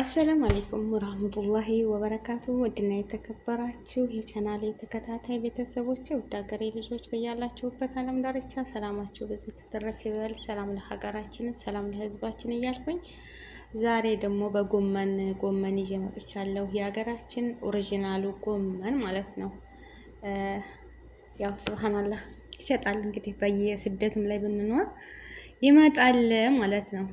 አሰላም አለይኩም ወራህመቱላሂ ወበረካቱ። ውድና የተከበራችሁ የቻናሌ ተከታታይ ቤተሰቦች ውድ ሀገሬ ልጆች በያላችሁበት ዓለም ዳርቻ ሰላማችሁ ብዙ ተተረፍ ይበል። ሰላም ለሀገራችን፣ ሰላም ለሕዝባችን እያልኩኝ ዛሬ ደግሞ በጎመን ጎመን ይዤ መጥቻለሁ። የሀገራችን ኦሪጂናሉ ጎመን ማለት ነው። ያው ስብሃናላህ ይሸጣል እንግዲህ በየስደትም ላይ ብንኖር ይመጣል ማለት ነው።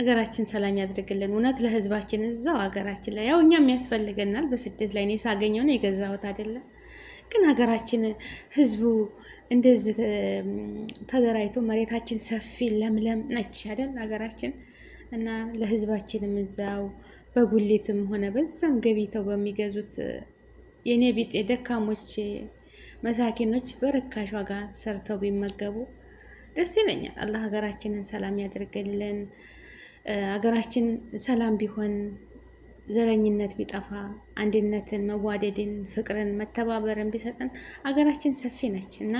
ሀገራችን ሰላም ያድርግልን። እውነት ለህዝባችን እዛው ሀገራችን ላይ ያው እኛም ያስፈልገናል። በስደት ላይ እኔ ሳገኘው ነው የገዛሁት አይደለም። ግን ሀገራችን ህዝቡ እንደዚህ ተደራጅቶ መሬታችን ሰፊ ለምለም ነች አይደል ሀገራችን እና ለህዝባችንም እዛው በጉሊትም ሆነ በዛም ገቢተው በሚገዙት የእኔ ቢጤ ደካሞች መሳኪኖች በርካሽ ዋጋ ሰርተው ቢመገቡ ደስ ይለኛል። አላህ ሀገራችንን ሰላም ያደርግልን። አገራችን ሰላም ቢሆን ዘረኝነት ቢጠፋ አንድነትን፣ መዋደድን፣ ፍቅርን፣ መተባበርን ቢሰጠን አገራችን ሰፊ ነች እና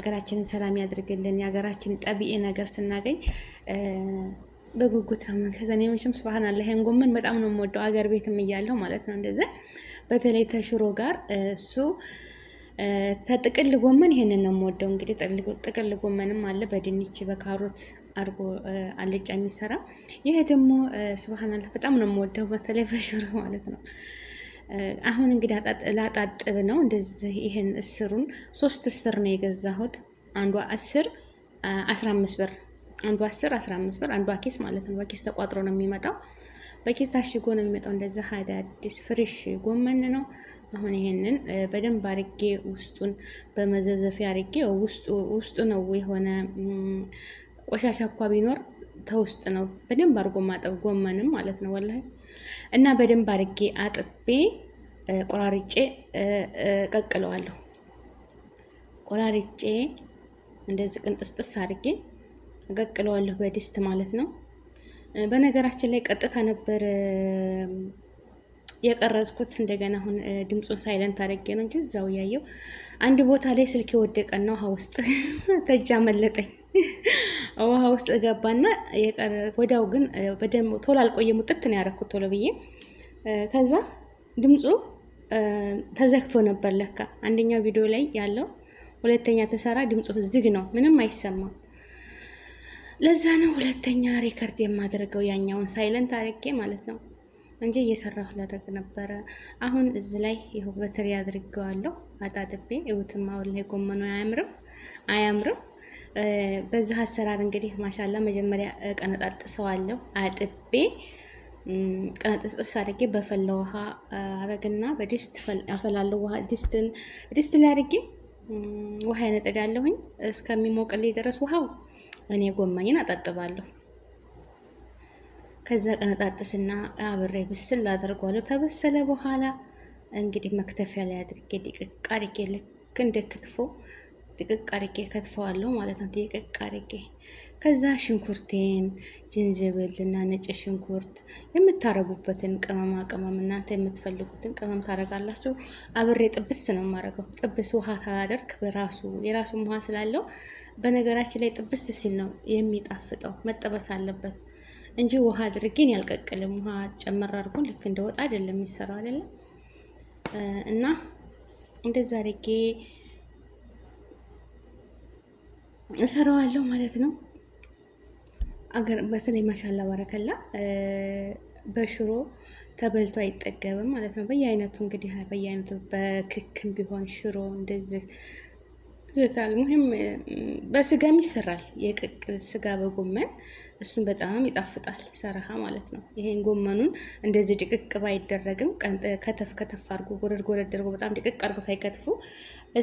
አገራችንን ሰላም ያድርግልን። የሀገራችን ጠብኤ ነገር ስናገኝ በጉጉት ነው መንከዛ ነው አለ። ይሄን ጎመን በጣም ነው የምወደው አገር ቤትም እያለሁ ማለት ነው። እንደዛ በተለይ ተሽሮ ጋር እሱ ተጥቅል ጎመን ይህንን ነው የምወደው። እንግዲህ ጥቅል ጎመንም አለ በድንች በካሮት አርጎ አልጫ የሚሰራ ይሄ ደግሞ ስብሃናላ በጣም ነው የምወደው፣ በተለይ በሽሮ ማለት ነው። አሁን እንግዲህ ላጣጥብ ነው እንደዚህ። ይህን እስሩን ሶስት እስር ነው የገዛሁት። አንዷ አስር አስራ አምስት ብር አንዷ አስር አስራ አምስት ብር አንዷ ኪስ ማለት ነው። በኬስ ተቋጥሮ ነው የሚመጣው በኬት ታሽጎ ነው የሚመጣው። እንደዛ አዳዲስ ፍሬሽ ጎመን ነው። አሁን ይሄንን በደንብ አርጌ ውስጡን በመዘዘፊ አርጌ ውስጡ ነው የሆነ ቆሻሻ እኳ ቢኖር ተውስጥ ነው። በደንብ አድርጎ ማጠብ ጎመንም ማለት ነው ወላሂ እና በደንብ አድርጌ አጥቤ ቆራርጬ ቀቅለዋለሁ። ቆራርጬ እንደዚህ ቅንጥስጥስ አድርጌ ቀቅለዋለሁ በድስት ማለት ነው። በነገራችን ላይ ቀጥታ ነበር የቀረዝኩት እንደገና አሁን ድምፁን ሳይለንት አድርጌ ነው እንጂ እዛው እያየው አንድ ቦታ ላይ ስልክ የወደቀ ነው ውሃ ውስጥ ተጃ መለጠኝ ውሃ ውስጥ እገባና ወዲያው ግን በደንብ ቶሎ አልቆየ ሙጥት ነው ያደረኩት ቶሎ ብዬ ከዛ ድምፁ ተዘግቶ ነበር ለካ አንደኛው ቪዲዮ ላይ ያለው ሁለተኛ ተሰራ ድምፁ ዝግ ነው ምንም አይሰማም ለዛ ነው ሁለተኛ ሪከርድ የማደርገው ያኛውን ሳይለንት አድርጌ ማለት ነው እንጂ እየሰራሁ ላደርግ ነበረ። አሁን እዚህ ላይ ይኸው በትሪ አድርገዋለሁ አጣጥቤ። እውትማ ወላሂ ጎመኑ አያምርም አያምርም። በዚህ አሰራር እንግዲህ ማሻላ መጀመሪያ ቀነጣጥሰዋለሁ አጥቤ ቀነጥስጥስ አድርጌ በፈለ ውሃ አረግና በድስት አፈላለሁ። ውሃ ድስትን ድስት ላይ አድርጌ ውሃ ያነጠዳለሁኝ እስከሚሞቅልኝ ድረስ ውሃው እኔ ጎመኝን አጣጥባለሁ። ከዛ ቀነጣጥስና አብሬ ብስል አደርጓለሁ። ተበሰለ በኋላ እንግዲህ መክተፊያ ላይ አድርጌ ድቅቅ አድርጌ ልክ እንደ ክትፎ ድቅቅ አድርጌ ከትፈዋለሁ ማለት ነው። ድቅቅ አድርጌ ከዛ ሽንኩርቴን፣ እና ነጭ ሽንኩርት የምታረጉበትን ቅመማ ቅመም እናንተ የምትፈልጉትን ቅመም ታረጋላችሁ። አብሬ ጥብስ ነው የማረገው። ጥብስ ውሃ ታደርግ በራሱ የራሱም ውሃ ስላለው በነገራችን ላይ ጥብስ ሲል ነው የሚጣፍጠው። መጠበስ አለበት። እንጂ ውሃ አድርጌን ያልቀቅልም። ውሃ ጨመር አድርጎን ልክ እንደወጣ አይደለም የሚሰራው አይደለም። እና እንደዛ አድርጌ እሰራዋለሁ ማለት ነው። አገር በተለይ ማሻላ ባረከላ በሽሮ ተበልቶ አይጠገብም ማለት ነው። በየአይነቱ እንግዲህ በየአይነቱ በክክም ቢሆን ሽሮ እንደዚህ ይዘታል ሙሂም በስጋም ይሰራል። የቅቅል ስጋ በጎመን እሱን በጣም ይጣፍጣል። ሰራሃ ማለት ነው። ይሄን ጎመኑን እንደዚህ ድቅቅ ባይደረግም ከተፍ ከተፍ አድርጎ ጎረድ ጎረድ አድርጎ በጣም ድቅቅ አድርጎ ሳይከትፉ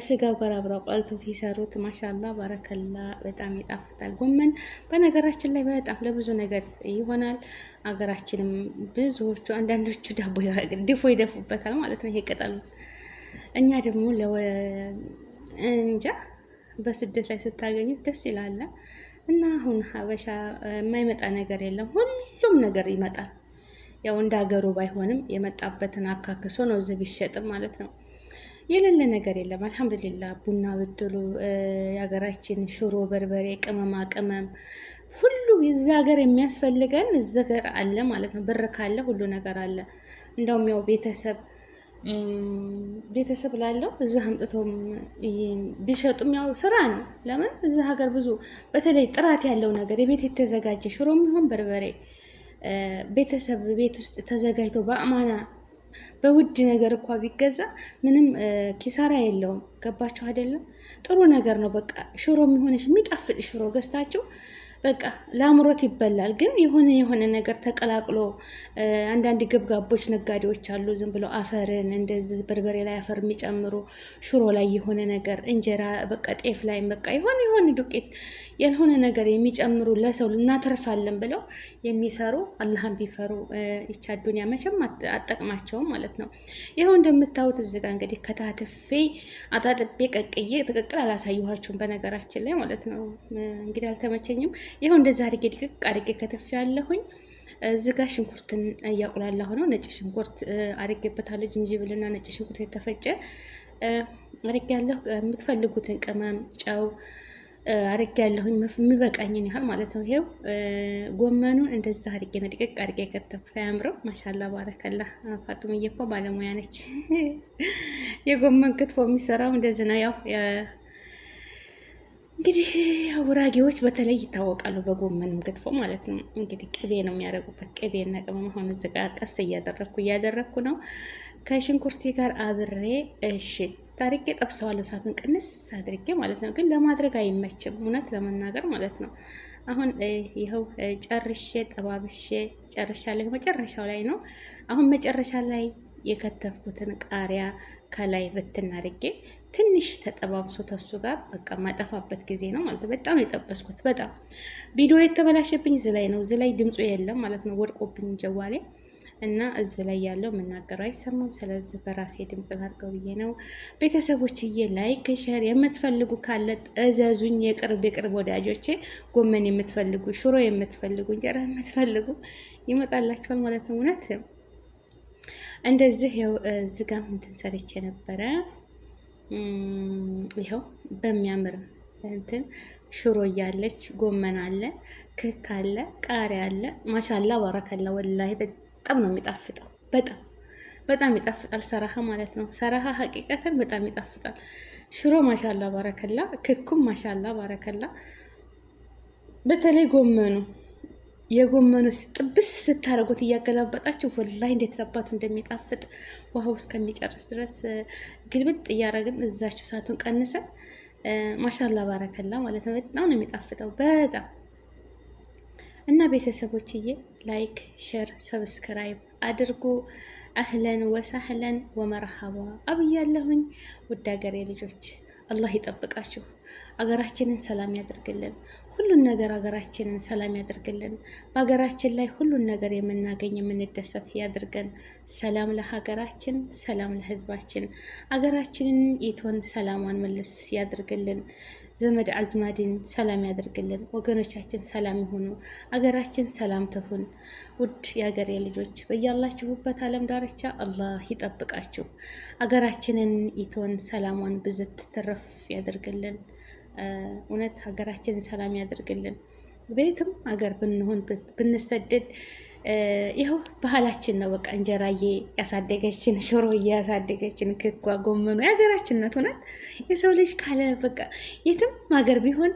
ስጋው ጋር አብረው ቆልቶ ሲሰሩት ማሻላ ባረከላ በጣም ይጣፍጣል። ጎመን በነገራችን ላይ በጣም ለብዙ ነገር ይሆናል። አገራችንም ብዙዎቹ አንዳንዶቹ ዳቦ ድፎ ይደፉበታል ማለት ነው። ይሄ ቅጠል እኛ ደግሞ እንጃ በስደት ላይ ስታገኙት ደስ ይላል። እና አሁን ሀበሻ የማይመጣ ነገር የለም፣ ሁሉም ነገር ይመጣል። ያው እንደ ሀገሩ ባይሆንም የመጣበትን አካክሶ ነው እዚህ ቢሸጥም ማለት ነው። የሌለ ነገር የለም። አልሐምዱሊላ ቡና ብትሉ የሀገራችን ሽሮ፣ በርበሬ፣ ቅመማ ቅመም ሁሉ እዚ ሀገር የሚያስፈልገን እዚ ሀገር አለ ማለት ነው። ብር ካለ ሁሉ ነገር አለ። እንደውም ያው ቤተሰብ ቤተሰብ ላለው እዛ አምጥተውም ቢሸጡም ያው ስራ ነው። ለምን እዛ ሀገር ብዙ በተለይ ጥራት ያለው ነገር የቤት የተዘጋጀ ሽሮ የሚሆን በርበሬ ቤተሰብ ቤት ውስጥ ተዘጋጅቶ በአማና በውድ ነገር እኳ ቢገዛ ምንም ኪሳራ የለውም። ገባችሁ አይደለም? ጥሩ ነገር ነው። በቃ ሽሮ የሚሆነች የሚጣፍጥ ሽሮ ገዝታችሁ በቃ ለአምሮት ይበላል። ግን የሆነ የሆነ ነገር ተቀላቅሎ አንዳንድ ገብጋቦች ነጋዴዎች አሉ። ዝም ብሎ አፈርን እንደዚህ በርበሬ ላይ አፈር የሚጨምሩ ሽሮ ላይ የሆነ ነገር እንጀራ፣ በቃ ጤፍ ላይ በቃ የሆነ የሆነ ዱቄት ያልሆነ ነገር የሚጨምሩ ለሰው እናተርፋለን ብለው የሚሰሩ አላህን ቢፈሩ ይቻ ዱኒያ መቼም አጠቅማቸውም ማለት ነው። ይኸው እንደምታዩት እዚህ ጋር እንግዲህ ከታትፌ አጣጥቤ ቀቅዬ ትቅቅል አላሳየኋችሁም በነገራችን ላይ ማለት ነው። እንግዲህ አልተመቸኝም። ይኸው እንደዛ አድርጌ ድቅቅ አድርጌ ከተፍ ያለሁኝ እዚጋ ሽንኩርትን እያቁላላሁ ነው። ነጭ ሽንኩርት አድርጌበታለሁ። ዝንጅብልና ነጭ ሽንኩርት የተፈጨ አድርጌ ያለሁ። የምትፈልጉትን ቅመም፣ ጨው አድርጌ ያለሁኝ የሚበቃኝን ያህል ማለት ነው። ይሄው ጎመኑን እንደዛ አድርጌ ነው ድቅቅ አድርጌ ከተፍኩት። አያምረው? ማሻላ ባረከላ። ፋጡምዬ እኮ ባለሙያ ነች። የጎመን ክትፎ የሚሰራው እንደዚህ ነው ያው እንግዲህ አውራጌዎች በተለይ ይታወቃሉ በጎመንም ክትፎ ማለት ነው። እንግዲህ ቅቤ ነው የሚያደርጉበት፣ ቅቤና ቅመም ሆኑ። ጋር ቀስ እያደረግኩ እያደረግኩ ነው ከሽንኩርቴ ጋር አብሬ እሺ ታሪኬ ጠብሰዋለሁ። እሳቱን ቅንስ አድርጌ ማለት ነው። ግን ለማድረግ አይመችም እውነት ለመናገር ማለት ነው። አሁን ይኸው ጨርሼ ጠባብሼ ጨርሻለሁ። መጨረሻው ላይ ነው አሁን መጨረሻ ላይ የከተፍኩትን ቃሪያ ከላይ ብትን ትንሽ ተጠባብሶ ተሱ ጋር በቃ ማጠፋበት ጊዜ ነው ማለት በጣም የጠበስኩት በጣም ቪዲዮ የተበላሸብኝ እዚ ላይ ነው። እዚ ላይ ድምፁ የለም ማለት ነው። ወድቆብኝ ጀዋሌ እና እዚ ላይ ያለው የምናገረው አይሰማም። ስለዚህ በራሴ ድምፅ ላድርገው ብዬ ነው። ቤተሰቦችዬ ላይክ፣ ሸር የምትፈልጉ ካለ እዘዙኝ። የቅርብ የቅርብ ወዳጆቼ ጎመን የምትፈልጉ፣ ሽሮ የምትፈልጉ፣ እንጀራ የምትፈልጉ ይመጣላችኋል ማለት ነው እውነት እንደዚህ ያው ዝጋ እንትን ሰርቼ ነበረ። ይኸው በሚያምር እንትን ሽሮ እያለች ጎመን አለ፣ ክክ አለ፣ ቃሪያ አለ። ማሻላ ባረከላ። ወላሂ በጣም ነው የሚጣፍጠው። በጣም በጣም ይጣፍጣል። ሰራሀ ማለት ነው። ሰራሀ ሀቂቀትን በጣም ይጣፍጣል። ሽሮ ማሻላ ባረከላ፣ ክኩም ማሻላ ባረከላ። በተለይ ጎመኑ የጎመኑስ ጥብስ ስታደርጉት እያገላበጣችሁ ወላ እንዴት አባቱ እንደሚጣፍጥ ውሃው እስከሚጨርስ ድረስ ግልብጥ እያደረግን እዛችሁ ሰዓቱን ቀንሰን ማሻላ ባረከላ ማለት ነው። በጣም ነው የሚጣፍጠው በጣም እና ቤተሰቦችዬ፣ ላይክ፣ ሼር፣ ሰብስክራይብ አድርጉ። አህለን ወሳህለን ወመርሃባ አብያለሁኝ። ውድ ልጆች አላህ ይጠብቃችሁ። አገራችንን ሰላም ያድርግልን። ሁሉን ነገር አገራችንን ሰላም ያድርግልን። በሀገራችን ላይ ሁሉን ነገር የምናገኝ የምንደሰት ያድርገን። ሰላም ለሀገራችን፣ ሰላም ለሕዝባችን። አገራችንን የትሆን ሰላሟን መልስ ያድርግልን። ዘመድ አዝማድን ሰላም ያደርግልን ወገኖቻችን ሰላም ይሁኑ። አገራችን ሰላም ትሁን። ውድ የሀገሬ ልጆች በያላችሁበት ዓለም ዳርቻ አላህ ይጠብቃችሁ። አገራችንን ኢትዮጵያን ሰላሟን ብዝት ትረፍ ያደርግልን። እውነት ሀገራችንን ሰላም ያደርግልን። ቤትም ሀገር ብንሆን ብንሰደድ ይኸው ባህላችን ነው። በቃ እንጀራዬ ያሳደገችን፣ ሽሮ ያሳደገችን፣ ክኳ ጎመኑ የሀገራችን ናት። ሆናት የሰው ልጅ ካለ በቃ የትም ሀገር ቢሆን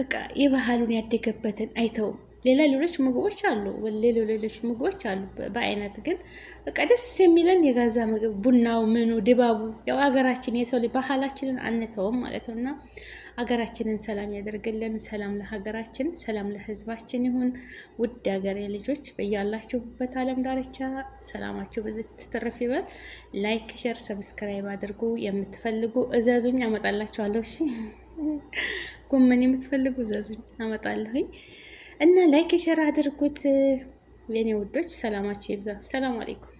በቃ የባህሉን ያደገበትን አይተውም። ሌላ ሌሎች ምግቦች አሉ፣ ሌሎ ሌሎች ምግቦች አሉ በአይነት ግን በቃ ደስ የሚለን የጋዛ ምግብ ቡናው፣ ምኑ፣ ድባቡ ያው ሀገራችን የሰው ልጅ ባህላችንን አንተውም ማለት ነው እና ሀገራችንን ሰላም ያደርግልን። ሰላም ለሀገራችን፣ ሰላም ለህዝባችን ይሁን። ውድ ሀገሬ ልጆች በያላችሁበት አለም ዳርቻ ሰላማችሁ በዚህ ትርፍ ይበል። ላይክ፣ ሸር፣ ሰብስክራይብ አድርጉ። የምትፈልጉ እዘዙኝ፣ አመጣላችኋለሁ። እሺ ጎመን የምትፈልጉ እዘዙኝ፣ አመጣለሁኝ። እና ላይክ ሸር አድርጉት። የኔ ውዶች ሰላማችሁ ይብዛ። ሰላም አለይኩም።